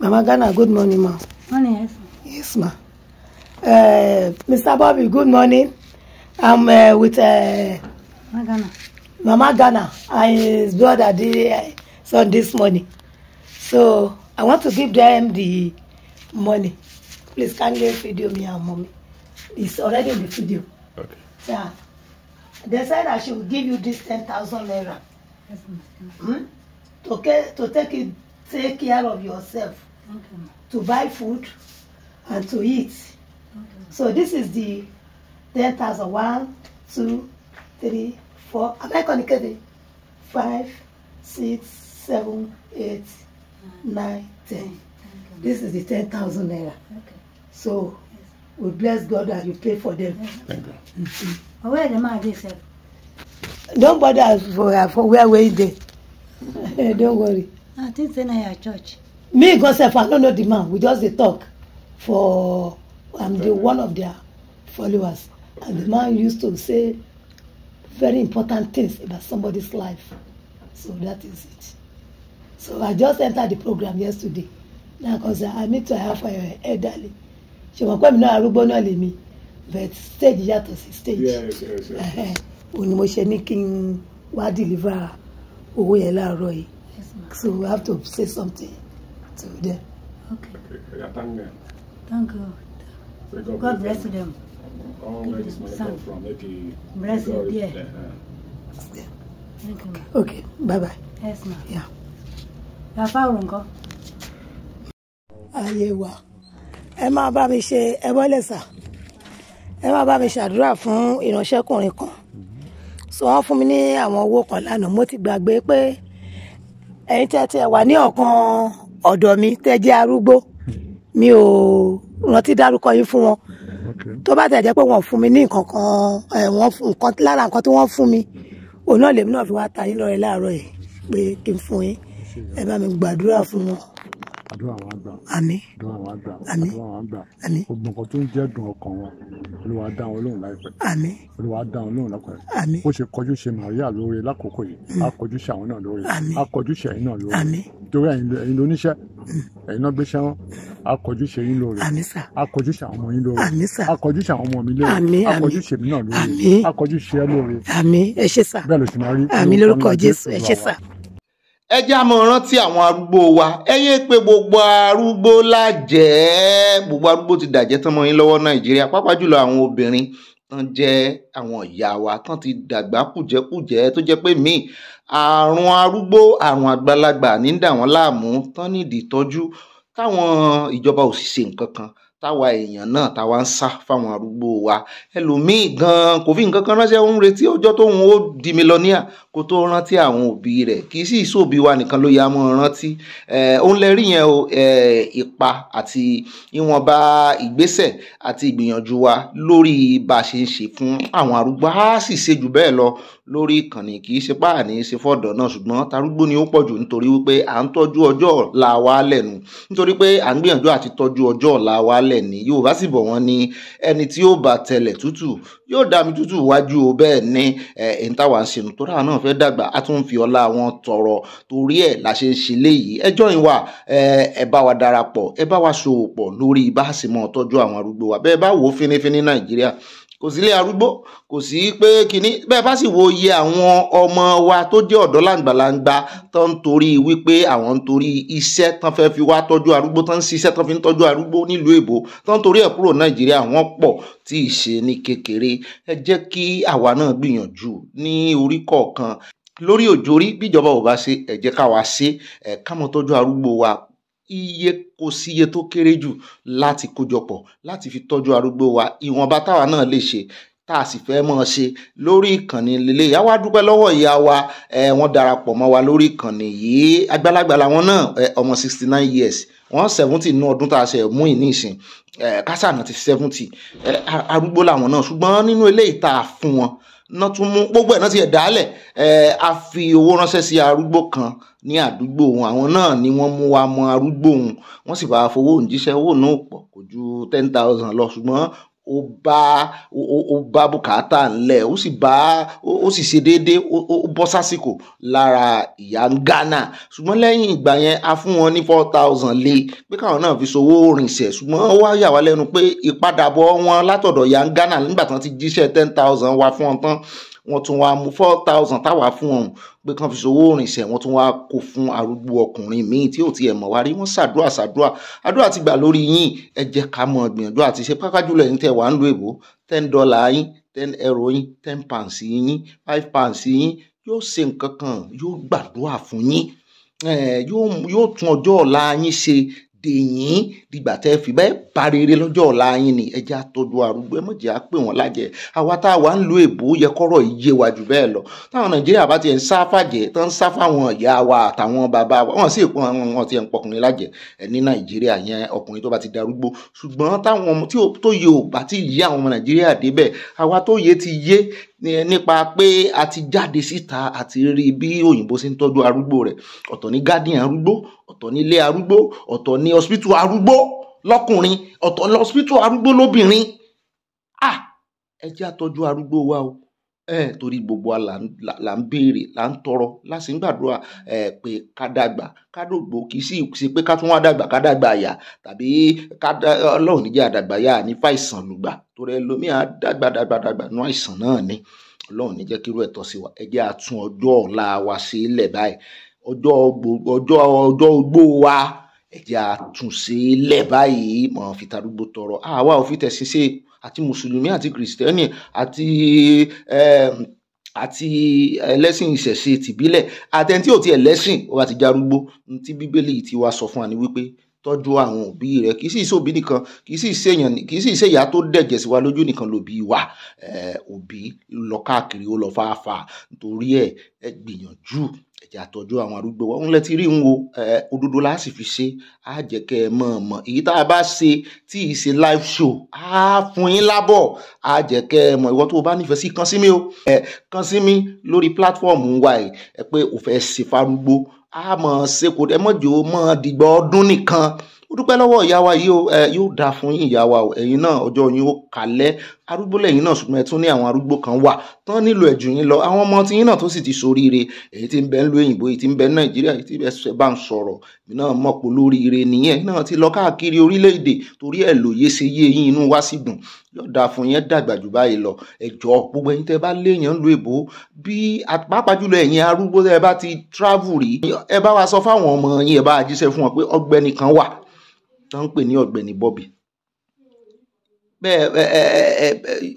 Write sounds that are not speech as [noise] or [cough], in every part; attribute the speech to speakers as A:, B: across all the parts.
A: Mama Ghana, good morning, ma. Morning, yes. Yes, ma. Uh, eh, Mr. Bobby, good morning. I'm uh, with uh, Mama Ghana. Mama Ghana and his brother the uh, son this morning. So I want to give them the money. Please can you video me and mommy. It's already in the video. Okay. Yeah. They said I should give you this ten thousand naira. Yes, hmm? To, to take it, take care of yourself. to buy food and to eat. Okay. So this is the 10,000. 1, 2, 3, 4. Am I communicating? 5, 6, 7, 8, 9, 10. This is the 10,000 naira. Okay. So we bless God that you pay for them. Thank you. Mm-hmm. Where the man is? Don't bother for, for where we there. [laughs] Don't worry. I think they're at church. me god sef i no know the man we just dey talk for i'm the one of their followers and the man used to say very important things about somebody's life so that is it so i just enter the program yesterday na cause i need to have a elderly ṣùgbọ́n pẹ̀lú náà arúgbó náà lèmi but stage yàtọ̀ sí stage òun ni mo ṣe ní kí n wá deliver owó yẹn láàárọ̀ yìí so we have to say something today.
B: Okay. okay. Thank them.
A: Thank God. So God, God bless them. them. All where this money come from, make Bless you, yeah. yeah. Thank you. Okay. Bye bye. Yes, ma'am. Yeah. Bàbá òrùn kan. Ayé wa, ẹ máa bá mi ṣe ẹbọ́lẹ̀ sà, ẹ máa bá mi ṣàdúrà fún ìránṣẹ́kùnrin kan. So wọ́n fún mi ní àwọn owó kan lánàá, mo ti gbàgbé pé ẹ̀yin tẹ́tẹ́ wà ní ọ̀kan ọ̀dọ̀ mi tẹ́ jẹ́ arúgbó mi ò rántí dárúkọ yín fún wọn tó bá tẹ̀ jẹ́ pé wọ́n fún mi ní nǹkan kan nǹkan lára nǹkan tí wọ́n fún mi òun náà lèmi náà fi wá ta yín lọ́rẹ láàárọ̀ yìí pé kí n fún yín ẹ bá mi gbàdúrà fún wọn àdúrà
B: wa gbà. àmín àdúrà wa gbà. àmín àdúrà wa gbà. àmín gbogbo nǹkan tó ń jẹ́ dùn ọkàn wọn olúwa dá wọn lóhùn láìpẹ́. àmín olúwa dá wọn lóhùn láìpẹ́. àmín ó ṣe kọjú ṣe màríà lóore lákòókò yìí á mm. kọjú ṣe àwọn náà lóore á kọjú ṣe ẹ̀yin náà lóore. àmín torí ẹ̀yin ló níṣẹ́ mm. ẹ̀yin náà gbéṣẹ́ wọn á A ṣe yín lóore. àmín sà á kọjú ṣe àwọn ọmọ yín lóore. àmín sà á kọjú ṣe àwọn ọmọ mi lóore. àmín àmín á kọjú ṣe
A: mí náà lóore. àmín bẹ́ẹ̀ ló ṣe máa rí.
B: àmín lórúkọ Jésù ẹ ṣé ẹ jẹ́ àmọ́ rántí àwọn arúgbó wa ẹ yé pé gbogbo arúgbó lájẹ́ gbogbo arúgbó ti dàjẹ́ tán mọ́ yín lọ́wọ́ nàìjíríà pàápàá jùlọ àwọn obìnrin tán jẹ́ àwọn ìyá wa tán ti dàgbà kùjẹ́kùjẹ́ tó jẹ́ pé míì àrùn arúgbó àrùn àgbàlagbà ní dà wọ́n láàmú tán nídìí tọ́jú táwọn ìjọba ò sì ṣe nǹkan kan táwa èèyàn náà táwa ń sá fáwọn arúgbó wa ẹlòmíì gan kò fi nǹkan kan ránṣẹ́ ń retí ọjọ́ tóun ó di mílíọ̀nìà kó tó rántí àwọn òbí rẹ̀ kì í sì sóbi wa nìkan ló yá mọ́ rántí òun lè rí yẹn o ipa àti ìwọ̀nba ìgbésẹ̀ àti ìgbìyànjú wa lórí bá a ṣe ń ṣe fún àwọn arúgbó á sì ṣe jù bẹ́ẹ̀ lọ lórí ìkànnì kì í ṣe páàní ṣe fọ́dọ̀ náà ṣùgbọ́n tarúgbó ni ó pọ̀ jù nítorí wípé à ń tọ́jú ọjọ́ ọ̀la wa lẹ́nu nítorí pé à ń gbìyànjú àti tọ́jú ọjọ́ ọ̀la wa lẹ́ni Yorùbá sì bọ̀ wọ́n ní ẹni tí yóò bá tẹlẹ̀ tútù yóò dá mi tútù wájú o bẹ́ẹ̀ ni ẹ̀ ń táwa ń ṣe nù tó dáa náà náà fẹ́ dàgbà á tún fi ọlá wọn tọrọ torí ẹ̀ la ṣe ń ṣe léyìí ẹjọ́ yìí wà ẹ bá wa darapọ̀ ẹ bá wa ṣòwò pọ̀ lórí bá a sì mọ̀ tọ́jú àwọn arúgbó wa bẹ́ẹ̀ bá wò ó fínífíní Nàìjíríà kò sí ilé arúgbó kò sí pé kínní bẹ́ẹ̀ bá sì wo iye àwọn ọmọ wa tó jẹ́ ọ̀dọ́ làǹgbàlàǹgbà tó ń torí wípé àwọn ń torí iṣẹ́ tán fẹ́ fi wá tọ́jú arúgbó tán ń ṣiṣẹ́ tán fi ń tọ́jú arúgbó nílùú èbó tán torí ẹ̀ kúrò nàìjíríà wọ́n pọ̀ tí ì ṣe ní kékeré ẹ jẹ́ kí àwa náà gbìyànjú ní orí kọ̀ọ̀kan lórí òjòrí bíjọba ò bá ṣe ẹ ká wá ṣe ẹ̀ ká arúgbó wa iye kò sí iye tó kéré jù láti kójọpọ̀ láti fi tọ́jú arúgbó wa ìwọ̀nba táwa náà lè ṣe tá a sì fẹ́ mọ̀ ṣe lórí ìkànnì líle ìyá wa dúpẹ́ lọ́wọ́ ìyá wa ẹ wọ́n darapọ̀ mọ́ wa lórí ìkànnì yìí àgbàlagbà làwọn náà ọmọ sixty nine years wọ́n seventy nínú ọdún tá a ṣe mú ìní ìsìn kásánà ti seventy arúgbó làwọn náà ṣùgbọ́n nínú eléyìí tá a fún wọn náà tún mú gbogbo ẹ̀ náà ti ẹ̀ dálẹ̀ ẹ̀ a fi owó ránṣẹ́ sí arúgbó kan ní àdúgbò òun àwọn náà ni wọ́n mú wa mọ arúgbó òun wọ́n sì bá fowó òun owó náà pọ̀ kò ju ten thousand lọ ṣùgbọ́n ó bá ó bá bùkátà ńlẹ̀ ó sì bá ó sì ṣe déédéé ó bọ́ sásìkò lára ìyá Ghana ṣùgbọ́n lẹ́yìn ìgbà yẹn a fún wọn ní four thousand lé pé káwọn náà fi ṣòwò rìnsẹ̀ ṣùgbọ́n ó wá yà wá lẹ́nu pé ìpadàbọ̀ wọn látọ̀dọ̀ ìyá Ghana nígbà tí wọ́n ti jíṣẹ́ ten thousand wá fún wọn tán wọ́n tún wá mú four thousand táwa fún ọ̀hún pé kàn fi ṣòwò òrìṣẹ́ wọ́n tún wá kó fún arúgbó ọkùnrin míì tí ò tiẹ̀ mọ̀ wá rí wọ́n ṣàdúrà ṣàdúrà àdúrà ti gbà lórí yín ẹ jẹ́ ká mọ̀ gbìyànjú àti ṣe pápájúlẹ̀ yín tẹ̀ wá ń lo èbó ten dollar yín ten euro yín ten pounds yín five pounds yín yóò ṣe nǹkan kan yóò gbàdúrà fún yín yóò tún ọjọ́ ọ̀la yín ṣe dè yín dìgbà tẹ́ fi bẹ́ẹ̀ parere lọ́jọ́ ọ̀la yín ni ẹjẹ́ àtọ́jú arúgbó ẹ mọ̀jẹ́ àpè wọ́n lájẹ́ àwa tá a wà ń lo èbó yẹ kọ́rọ̀ yé wa jù bẹ́ẹ̀ lọ táwọn nàìjíríà bá tiẹ̀ ń sá fàjẹ́ tán ń sá fáwọn ìyá wa àtàwọn bàbá wa wọ́n sì pọ́n àwọn ọ̀hún tiẹ̀ ń pọkùnrin lájẹ́ ẹ̀ ní nàìjíríà yẹn ọkùnrin tó bá ti darúgbó ṣùgbọ́n táwọn tó yẹ ò bá ti yé àwọn ọmọ nàìjíríà débẹ̀ àwa tó yẹ ti yé Eh, nípa pé a ti jáde síta àti rí bí òyìnbó ṣe ń tọ́jú arúgbó rẹ̀ ọ̀tọ̀ ní guardian arúgbó ọ̀tọ̀ ní ilé arúgbó ọ̀tọ̀ ní hospital arúgbó lọ́kùnrin ọ̀tọ̀ ní hospital arúgbó lóbìnrin ah ẹ jẹ́ àtọ́jú arúgbó wa o torí gbogbo wa là ń béèrè là ń tọrọ láti ń gbàdúrà pé ká dàgbà ká dògbò kì í sì ṣe pé ká tún wá dàgbà ká dàgbà àyà tàbí ká ọlọ́run níjà àdàgbà yà ní fàìsàn lùgbà torí ẹlòmíà dàgbà dàgbà dàgbà nú àìsàn náà ni ọlọ́run ní jẹ́ kí irú ẹ̀ tọ́ sí wa ẹ jẹ́ àtún ọjọ́ ọ̀la wa sí ilẹ̀ báyìí ọjọ́ ọjọ́ ọjọ́ ogbó wa ẹ jẹ́ àtúnṣe ilẹ̀ báyìí àti mùsùlùmí àti kìrìsìtẹ́nì àti àti ẹlẹ́sìn ìṣẹ̀ṣe tìbílẹ̀ àtẹ̀ntí ò ti ẹ̀lẹ́sìn ó bá ti járúgbó ní tí bíbélì ti wá sọ fún wa ni wípé tọ́jú àwọn òbí rẹ kì í sì sóbi nìkan kì í sì sèyàn kì í sì sèyà tó dẹ̀jẹ̀ sí wa lójú nìkan lòbí wa òbí lọ káàkiri ó lọ fàáfà nítorí ẹ ẹ gbìyànjú ẹ̀jẹ̀ àtọ́jú àwọn arúgbó wa òun lẹ ti rí ń wo òdodo la sì fi ṣe á jẹ́ kẹ́ ẹ mọ̀ ọ́ mọ̀ èyí tá a bá ṣe tí ì ṣe live show á fún yín lábọ̀ á jẹ́ kẹ́ ẹ mọ̀ ìwọ tó o bá nífẹ̀ẹ́ sí kàn sí mi o kàn sí mi lórí platform wa ẹ̀ pé o ṣe fárúgbó a mọ̀ ṣe kò ẹ mọ̀ jò mọ̀ dìgbọ́ ọdún nìkan ó dúpẹ́ lọ́wọ́ ìyá wa yìí ó yóò dáa fún yín ìyá wa o ẹ̀yin náà ọjọ́ yín ó kalẹ̀ arúgbó lẹ́yìn náà ṣùgbọ́n ẹ tún ní àwọn arúgbó kan wà tán nílò ẹ̀jù yín lọ àwọn ọmọ tí yín náà tó sì ti soríire èyí tí ń bẹ nílùú òyìnbó èyí tí ń bẹ ní nàìjíríà èyí tí ẹ bá ń sọ̀rọ̀ èmi náà mọ̀ pé olóríire nìyẹn náà ti lọ káàkiri orílẹ̀-èdè torí ẹ̀ lòye ṣe yé yín inú wá sí dùn yóò dáa fún yẹn dàgbà jù báyìí lọ ẹjọ gbogbo ẹ̀yin tẹ́ bá léèyàn lu èbó bí pàápàá jùlọ ẹ̀yin arúgbó tẹ́ bá ti travel rí ẹ bá wa sọ fáwọn ọmọ yín ẹ bá wa fún wọn pé ọ̀gbẹ́ni kan wà tó ń pè ní ọ̀gbẹ́ni Bobby bẹ́ẹ̀ ẹ ẹ ẹ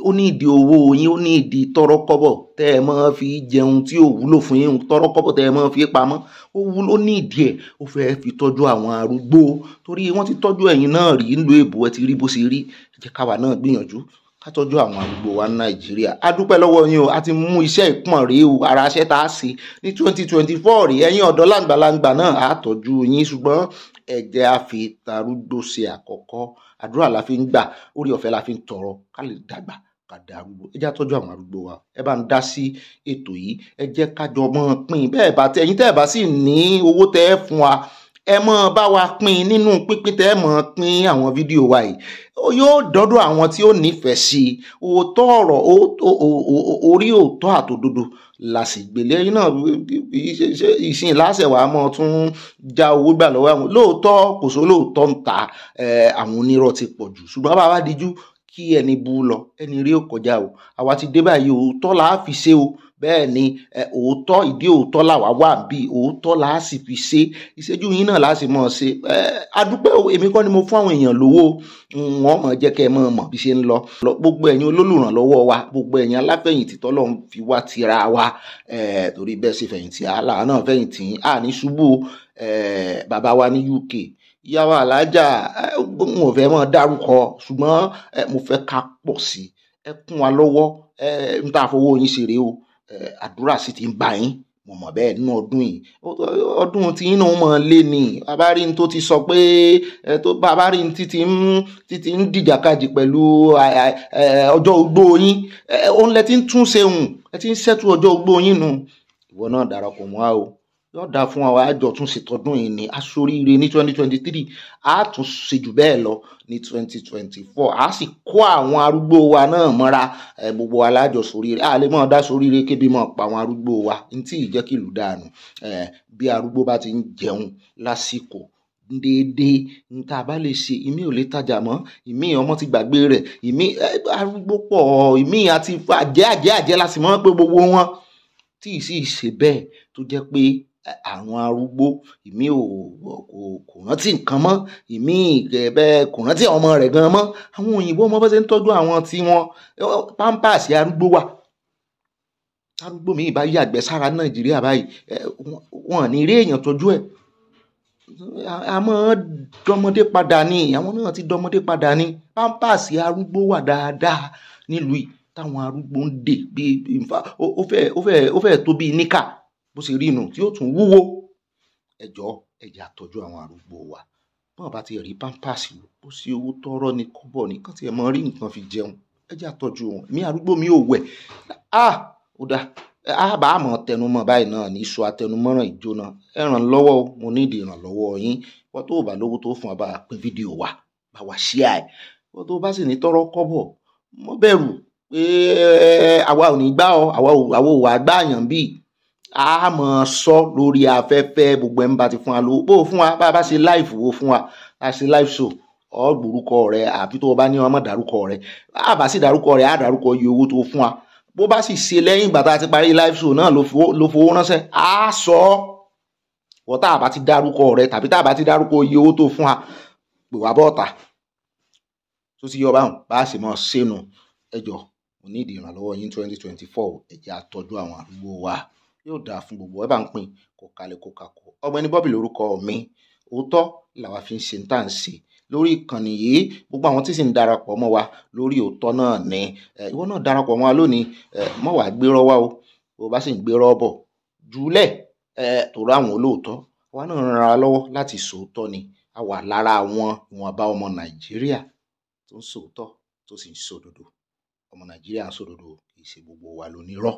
B: ó ní ìdí owó yín ó ní ìdí tọ́rọ́kọ́bọ̀ tẹ́ ẹ máa fi jẹun tí ò wúlò fún yín tọ́rọ́kọ́bọ̀ tẹ́ ẹ máa fi pamọ́ ó wúlò ó ní ìdí ẹ̀ ó fẹ́ fi tọ́jú àwọn arúgbó torí wọ́n ti tọ́jú ẹ̀yin náà rí nílùú èbó ẹ ti rí bó ṣe rí jẹ́ káwa náà gbìyànjú ká tọ́jú àwọn arúgbó wa ní nàìjíríà a dúpẹ́ lọ́wọ́ yín o a ti mú iṣẹ́ ìpọ̀n rèé o ara iṣẹ́ tá a ṣe ní twenty twenty four rèé ẹ̀yin ọ̀dọ́ làǹgbàlàǹgbà náà a tọ́jú yín ṣùgbọ́n ẹ jẹ́ a fi tarúgbó ṣe àkọ́kọ́ àdúrà la fi ń gbà orí ọ̀fẹ́ la fi ń tọrọ ká lè dàgbà ká da arúgbó ẹ jẹ́ àwọn arúgbó wa ẹ bá ń dá sí ètò yìí ẹ kájọ mọ́ pín bẹ́ẹ̀ bá tẹ ẹ̀yin tẹ́ ẹ bá sì ní owó tẹ́ ẹ fún wa ẹ mọ bá wa pín nínú pínpín tẹ́ ẹ mọ pín àwọn fídíò wa yìí yóò dọ́dọ̀ àwọn tí ó nífẹ̀ẹ́ sí i òótọ́ ọ̀rọ̀ orí òótọ́ àtòdodo làṣìgbèlè yìí náà ìsìn láṣẹ wàá mọ tún já owó gbà lọ́wọ́ àwọn lóòótọ́ kò só lóòótọ́ ń ta àwọn onírọ́ ti pọ̀ jù ṣùgbọ́n bàbá díjú kí ẹni bu lọ ẹni rí ó kọjá o àwa ti dé báyìí òótọ́ làá fi ṣe o bẹ́ẹ̀ ni òótọ́ ìdí òótọ́ làwa wà bí òótọ́ là á sì fi ṣe ìṣẹ́jú yín náà là á sì mọ̀ ṣe adúpẹ́ èmi kọ́ ni mo fún àwọn èèyàn lówó wọn mọ̀ jẹ́ kẹ́ ẹ mọ̀ mọ̀ bí ṣe ń lọ gbogbo ẹ̀yin olólùrànlọ́wọ́ wa gbogbo ẹ̀yin aláfẹ̀yìntì tọ́lọ́ ń fi wá tira wa torí bẹ́ẹ̀ ṣe fẹ̀yìntì àlà náà fẹ̀yìntì à ní ṣubú bàbá wa ní UK ìyàwó alájà n ò fẹ́ mọ́ dárúkọ ṣùgbọ́n mo fẹ́ ká pọ̀ sí ẹ kún wa àdúrà sì ti ń bá yín mo mọ̀ bẹ́ẹ̀ nínú ọdún yìí ọdún tí yín náà mọ̀ lé ní abárin tó ti sọ pé tó abárin títí ń títí ń dìjàkadì pẹ̀lú ọjọ́ ogbó yín òun lẹ ti ń tún ṣe hùn ẹ ti ń ṣẹ́tù ọjọ́ ogbó yín nu ìwọ náà darapọ̀ mọ́ a o yóò dáa fún wa àjọ tún ṣètọ́dún yìí ni aṣoríire ní twenty twenty three a tún ṣe jù bẹ́ẹ̀ lọ ní twenty twenty four a sì kó àwọn arúgbó wa náà mọ́ra gbogbo alájọ ṣoríire a lè máa dá ṣoríire kébi máa pa àwọn arúgbó wa ní tí ìjẹ́ kìlú dànù bí arúgbó bá ti ń jẹun lásìkò déédéé nta bá lè ṣe ìmí ò lè tajà mọ́ ìmí ọmọ ti gbàgbé rẹ̀ ìmí arúgbó pọ̀ ìmí àti àjẹ́ àjẹ́ àjẹ́ la sì mọ̀ pé gbogbo wọn tí ì sì ṣe bẹ́ẹ̀ tó jẹ́ pé àwọn arúgbó ìmí ò kò kò rántí nǹkan mọ́ ìmí ìgbẹ́ kò rántí àwọn ọmọ rẹ̀ gan mọ́ àwọn òyìnbó ọmọ bá ṣe ń tọ́jú àwọn tí wọn pampers arúgbó wà arúgbó mi ìbá yí àgbẹ̀ sára nàìjíríà báyìí wọn ní eré èèyàn tọ́jú ẹ̀ àmọ́ dọmọdé padà ni àwọn náà ti dọmọdé padà ni pampers arúgbó wà dáadáa nílùú yìí táwọn arúgbó ń dè bí ó fẹ́ tó bí níkà bó ṣe rí inú tí ó tún wúwo ẹjọ́ ẹjẹ́ àtọ́jú àwọn arúgbó wa bọ́n bá ti rí pampers lò ó sí owó tọrọ ní kọ́bọ̀ ní kàn tí ẹ mọ rí nǹkan fi jẹun ẹjẹ́ àtọ́jú wọn èmi arúgbó mi ò wẹ̀ á ah! ó dáa á bá a mọ̀ tẹnumọ́ báyìí náà ní sọ àtẹnumọ́ràn ìjóná ẹ ràn lọ́wọ́ mo nídìí ìrànlọ́wọ́ yín wọ́n tó bá lówó tó fún wa bá a pín fídíò wa bá wa ṣí à ẹ̀ wọ́n tó bá sì ní tọrọ kọ́bọ̀ mọ́ bẹ̀rù pé àwa ò ní gbá ọ àwa ò wà gbá àyàn bíi a mọ̀ sọ lórí afẹ́fẹ́ gbogbo ẹ̀ ń bá ti fún wa lówó bó o fún wa bá a bá ṣe live wo fún wa a ṣe live show ọ gbórúkọ rẹ àbí tó o bá ní ọmọ dárúkọ rẹ a bá sì dárúkọ rẹ a dárúkọ iye owó tó o fún wa bó bá sì ṣe lẹ́yìn ìgbà tá a ti parí live show náà ló fowó ránṣẹ́ a sọ ọ́ wọ́n tá a bá ti dárúkọ rẹ tàbí tá a bá ti dárúkọ iye owó tó o fún wa pè wá bọ́ọ̀ta tó ti yọ báwọn bá a sì mọ̀ ṣẹ́nu ẹjọ́ òní ìdìrànlọ́wọ́ yín twenty twenty ẹ̀jẹ̀ àtọ́jú àwọn àdúgbò wa yóò dáa fún gbogbo ẹ bá ń pín kó kalẹ̀ kó kakó Ọ̀gbẹ́ni Bobby lórúkọ mi òótọ́ làwa fi ń ṣe tá à ń ṣe lórí ìkànnì yìí gbogbo àwọn tí sì ń darapọ̀ mọ́ wa lórí òótọ́ náà ni ìwọ náà darapọ̀ mọ́ wa lónìí mọ́ wàá gbérọ́ wá o bó bá sì ń gbérọ́ bọ̀ jùlẹ̀ tòrọ àwọn olóòótọ́ wa náà ràn án lọ́wọ́ láti sòótọ́ ni a wà lára àwọn ìwọ̀nba ọmọ Nàìjíríà tó ń sòótọ́ tó sì ń sòdodo ọmọ Nàìjíríà ń sòdodo kì í ṣe gbogbo wa lónírọ́.